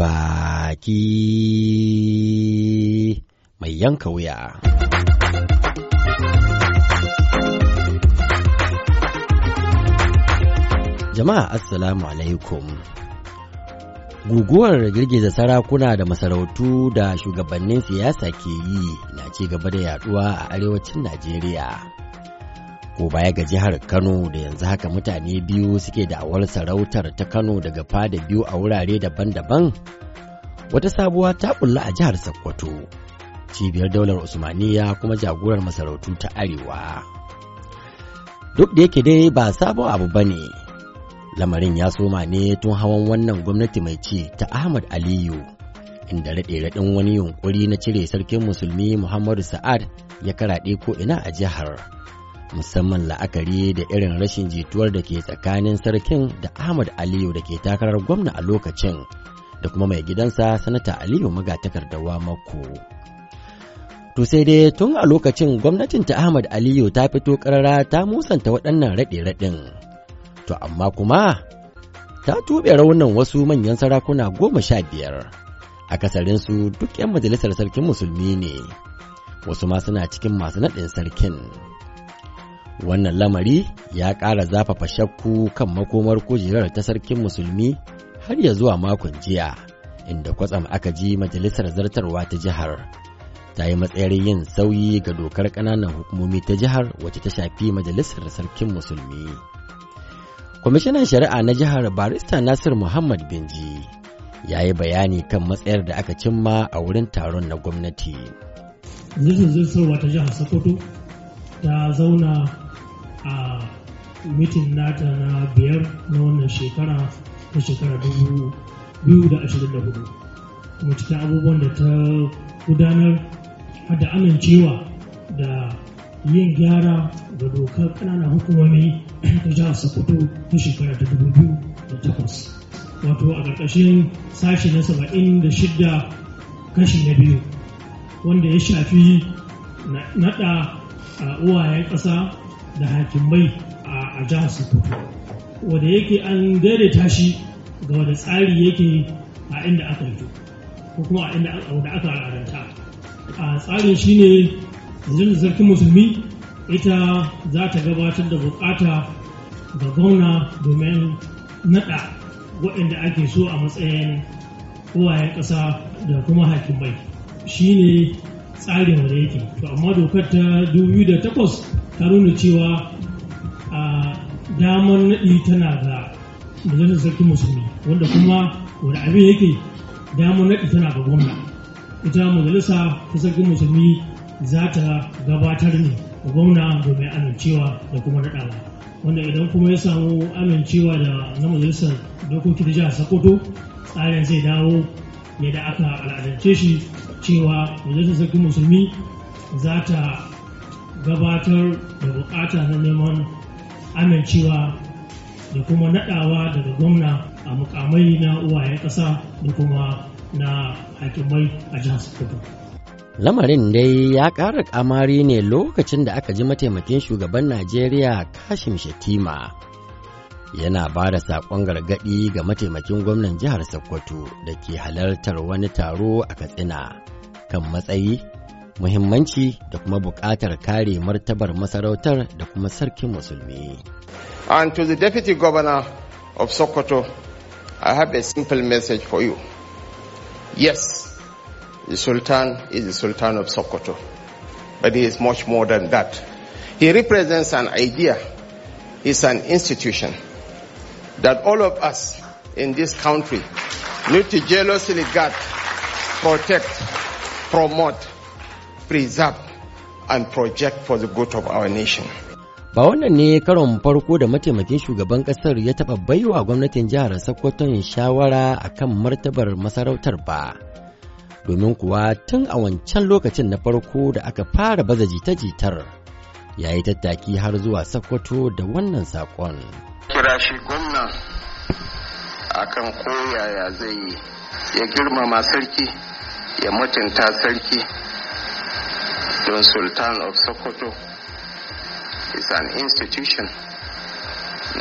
baki mai yanka wuya. Jama'a Assalamu alaikum. Guguwar girgiza sarakuna da masarautu da shugabannin siyasa ke yi na ci gaba da yaduwa a arewacin Najeriya. ko baya ga jihar Kano da yanzu haka mutane biyu suke da awar sarautar ta Kano daga fada biyu a wurare daban-daban. Wata sabuwa ta bulla a jihar Sokoto, cibiyar daular Usmaniya kuma jagorar masarautu ta Arewa. Duk da yake dai ba sabon abu ba ne, lamarin ya soma ne tun hawan wannan gwamnati mai ci ta Ahmad Aliyu. inda raɗe-raɗin wani yunƙuri na cire sarkin musulmi Muhammadu Sa'ad ya karaɗe ko ina a jihar musamman la'akari da irin rashin jituwar da ke tsakanin sarkin da Ahmad Aliyu da ke takarar gwamna a lokacin da kuma mai gidansa sanata Aliyu magatakardawa mako. To sai dai tun a lokacin gwamnatin ta Ahmad Aliyu ta fito karara ta musanta waɗannan raɗe-raɗin. To amma kuma ta tuɓe raunin wasu manyan sarakuna goma sha biyar, akasarinsu duk 'yan majalisar sarkin musulmi ne, wasu ma suna cikin masu naɗin sarkin. wannan lamari ya ƙara zafafa shakku kan makomar kujerar ta sarkin musulmi har ya zuwa makon jiya inda kwatsam aka ji majalisar zartarwa ta jihar ta yi matsayar yin sauyi ga dokar ƙananan hukumomi ta jihar wacce ta shafi majalisar sarkin musulmi kwamishinan shari'a na jihar barista nasir muhammad binji ya yi bayani kan matsayar da aka cimma a wurin taron na gwamnati. ta zauna a mitin nata na biyar na wannan shekara ta shekara dubu biyu da ashirin da hudu kuma cikin abubuwan da ta gudanar da amincewa da yin gyara ga dokar ƙanana hukumomi ta jihar sokoto ta shekara ta dubu biyu da takwas wato a ƙarƙashin sashi na saba'in da shida kashi na biyu wanda ya shafi naɗa a uwayen ƙasa da hakimai a jihar sokoto wanda yake an daidaita shi ga wanda tsari yake a inda aka yi ko kuma a inda aka al'adanta a tsarin shi ne yanzu da sarkin musulmi ita za ta gabatar da bukata ga gwamna domin nada waɗanda ake so a matsayin kowayen ƙasa da kuma hakimai ne tsarin wanda yake to amma dokar ta 2008 ta nuna cewa a damar naɗi tana ga majalisar sarki musulmi wanda kuma wani abin yake damar naɗi tana ga gwamna ita majalisa ta sarki musulmi za ta gabatar ne ga gwamna domin amincewa da kuma naɗawa wanda idan kuma ya samu amincewa da na majalisar dokoki da jihar sokoto tsarin zai dawo yadda aka al'adance shi cewa majalisar sarki musulmi za ta gabatar da bukata na neman amincewa da kuma nadawa daga gwamna a mukamai na uwayen ƙasa da kuma na hakimai a jihar Sokoto. Lamarin dai ya ƙara ƙamari ne lokacin da aka ji mataimakin shugaban Najeriya Kashim Shatima. Yana ba da saƙon gargaɗi ga mataimakin gwamnan jihar Sokoto da ke halartar wani taro a Katsina kan matsayi muhimmanci da kuma buƙatar kare martabar masarautar da kuma musulmi. And to the Deputy Governor of Sokoto, I have a simple message for you. Yes, the Sultan is the Sultan of Sokoto, but he is much more than that. He represents an idea, he's an institution that all of us in this country need to jealously guard, protect, promote, preserve and project for the good of our nation. Ba wannan ne karon farko da mataimakin shugaban kasar ya taɓa baiwa gwamnatin jihar Sokoto yin shawara akan martabar masarautar ba. Domin kuwa tun a wancan lokacin na farko da aka fara baza jita-jitar ya yi tattaki har zuwa Sokoto da wannan saƙon. Kira shi gwamna akan koyaya zai ya girmama sarki ya mutunta sarki Patron Sultan of Sokoto is an institution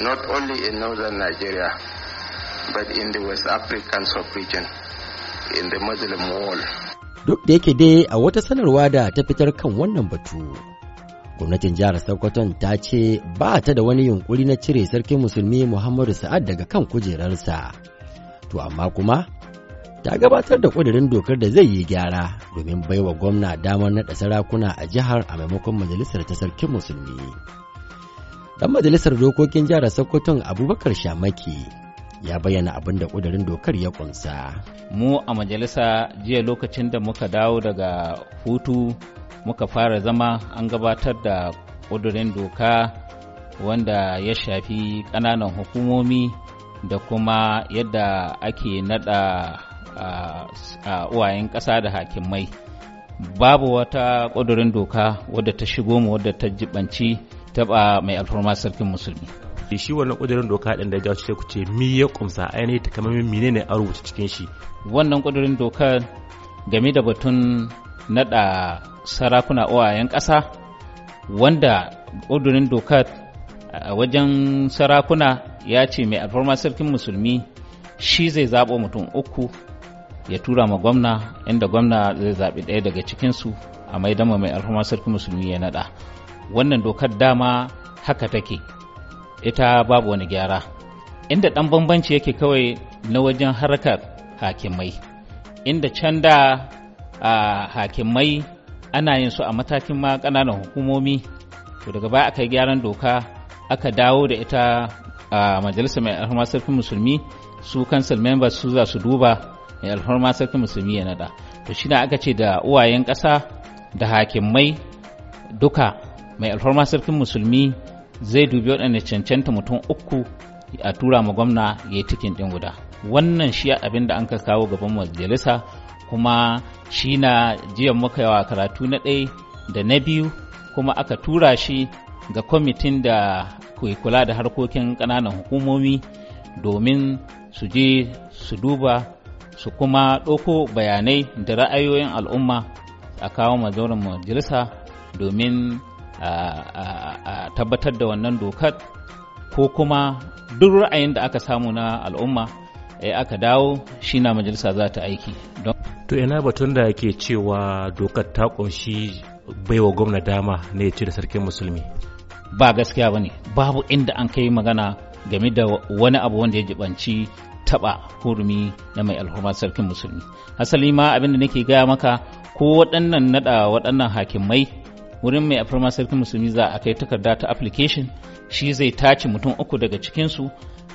not only in northern Nigeria but in the West African sub-region in the Muslim world. Duk da yake dai a wata sanarwa da ta fitar kan wannan batu, gwamnatin jihar Sokoton ta ce ba ta da wani yunkuri na cire sarkin musulmi Muhammadu Sa'ad daga kan kujerarsa. To amma kuma ta gabatar da ƙudurin dokar da zai yi gyara domin baiwa gwamna damar naɗa sarakuna a jihar a maimakon majalisar ta sarkin musulmi. Ɗan majalisar dokokin jihar Sokoton Abubakar Shamaki ya bayyana abin da ƙudurin dokar ya ƙunsa. Mu a majalisa jiya lokacin da muka dawo daga hutu muka fara zama an gabatar da ƙudurin doka wanda ya shafi ƙananan hukumomi da kuma yadda ake naɗa. A uwayen ƙasa da hakimai babu wata ƙudurin doka wadda ta shigo mu wadda ta jibanci taɓa mai alfarma sarkin musulmi shi wannan ƙudurin doka ɗin da ya jawo ku ce mi ya kumsa ainihin ta kamar mine ne a rubuta cikin shi wannan ƙudurin doka game da batun naɗa sarakuna uwayen ƙasa wanda ƙudurin doka a wajen sarakuna ya ce mai alfarma sarkin musulmi shi zai zaɓo mutum uku ya tura ma gwamna inda gwamna zai zaɓi ɗaya daga cikinsu a dama mai alhama sarki musulmi ya naɗa wannan dokar dama haka take ita babu wani gyara inda ɗan bambanci yake kawai na wajen harkar hakimai inda can da hakimai ana yin su a matakin ma ƙananan hukumomi to daga baya aka yi gyaran doka aka dawo da ita a majalisar mai alhama sarki musulmi su kansil members su za su duba mai alfarma sarkin musulmi ya nada to shi aka ce da uwayen ƙasa da hakimai duka mai alfarma sarkin musulmi zai dubi waɗanda cancanta mutum uku a tura ma gwamna ya yi tikin ɗin guda wannan shi abin da an ka kawo gaban majalisa kuma shi na jiyan muka yawa karatu na ɗaya da na biyu kuma aka tura shi ga kwamitin da ke kula da harkokin ƙananan hukumomi domin su je su duba su kuma ɗauko bayanai da ra'ayoyin al'umma a kawo mazaunin majalisa domin a tabbatar da wannan dokar ko kuma duk ra'ayin da aka samu na al'umma ya eh, aka dawo shi na majalisa za ta aiki to ina batun da ke cewa dokar ta ƙunshi baiwa gwamna dama na ya ci da sarkin musulmi ba gaskiya ba ne babu inda an kai magana game da wani abu wanda ya jibanci taɓa hurumi na mai alhurma sarkin musulmi asali ma abin da nake gaya maka ko waɗannan naɗa waɗannan hakimai wurin mai alhurma sarkin musulmi za a kai takarda ta application shi zai tace mutum uku daga cikinsu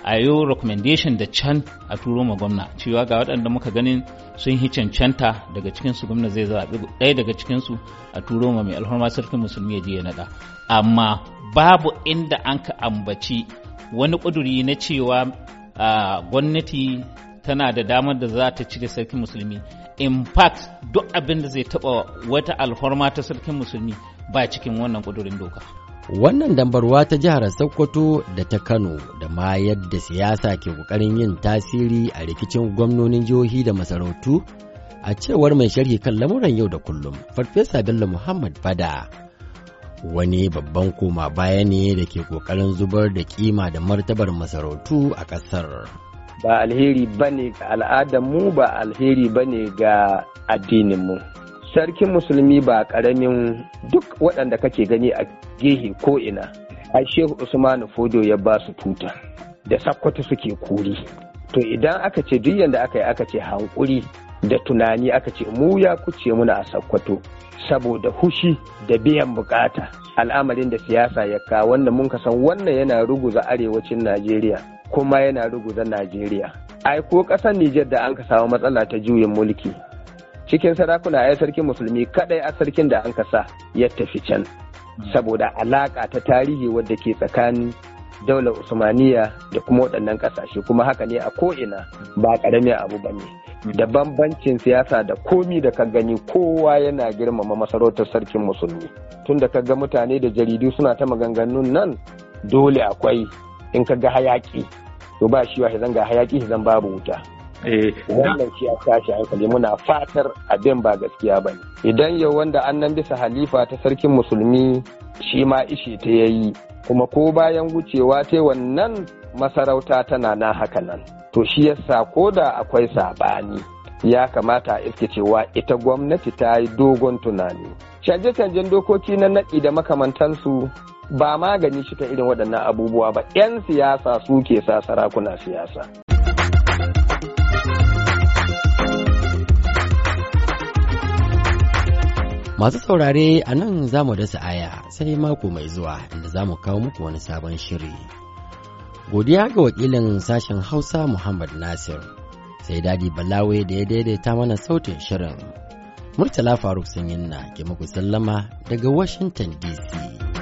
a yi recommendation da can a turo ma gwamna cewa ga waɗanda muka ganin sun hi cancanta daga cikinsu gwamna zai zaɓi ɗaya daga cikinsu a turo ma mai alhurma sarkin musulmi ya je ya naɗa amma babu inda an ka ambaci wani ƙuduri na cewa a gwamnati tana da damar da za ta cire sarkin musulmi in fact duk abin da zai taɓa wata alfarma ta sarkin musulmi ba cikin wannan kudurin doka wannan dambarwa ta jihar sokoto da ta kano da ma yadda siyasa ke ƙoƙarin yin tasiri a rikicin gwamnonin jihohi da masarautu a cewar mai sharhi kan lamuran yau da kullum farfesa bello muhammad bada wani babban koma baya ne da ke ƙoƙarin zubar da kima da martabar masarautu a ƙasar. Ba alheri ba ne ga al'adarmu ba alheri ba ne ga addininmu. Sarkin musulmi ba ƙaramin duk waɗanda kake gani a gehe ko'ina. A Shehu Usmanu Fodo ya ba su tuta da sakkwato suke kuri. To idan aka ce duk yadda aka yi aka ce hankuri da tunani aka ce mu ya kuce muna a sakkwato saboda hushi da biyan bukata al'amarin da siyasa ya kawo wanda mun san wannan yana ruguza arewacin najeriya kuma yana ruguza najeriya ai ko kasar nijar da an ka samu matsala ta juyin mulki cikin sarakuna ai sarkin musulmi kadai a sarkin da an ka sa ya tafi can saboda alaka ta tarihi wadda ke tsakanin daular usmaniya da kuma waɗannan ƙasashe kuma haka ne a ko'ina ba ƙaramin abu ba ne da bambancin siyasa da komi da ka gani kowa yana girmama masarautar sarkin musulmi tun da ka ga mutane da jaridu suna ta maganganun nan dole akwai in ka ga hayaki to ba shi zan ga hayaki zan babu wuta eh, wannan shi ya tashi hankali muna fatar abin ba gaskiya ba idan yau wanda annan bisa halifa ta sarkin musulmi shi ma ishe ta yayi kuma ko bayan wucewa ta wannan masarauta tana na haka nan to shi yasa ko da akwai saɓani ya kamata a iske cewa ita gwamnati ta yi dogon tunani canje-canjen dokoki na naɗi da makamantansu ba magani shi ta irin waɗannan abubuwa ba 'yan siyasa suke sa sarakuna siyasa Masu saurare a nan za mu dasa aya sai mako mai zuwa inda za mu kawo muku wani sabon shiri. godiya ga wakilin sashen hausa muhammad nasir sai dadi balawe da ya daidaita mana sautin shirin murtala faruk sanyin na ke muku sallama daga washington dc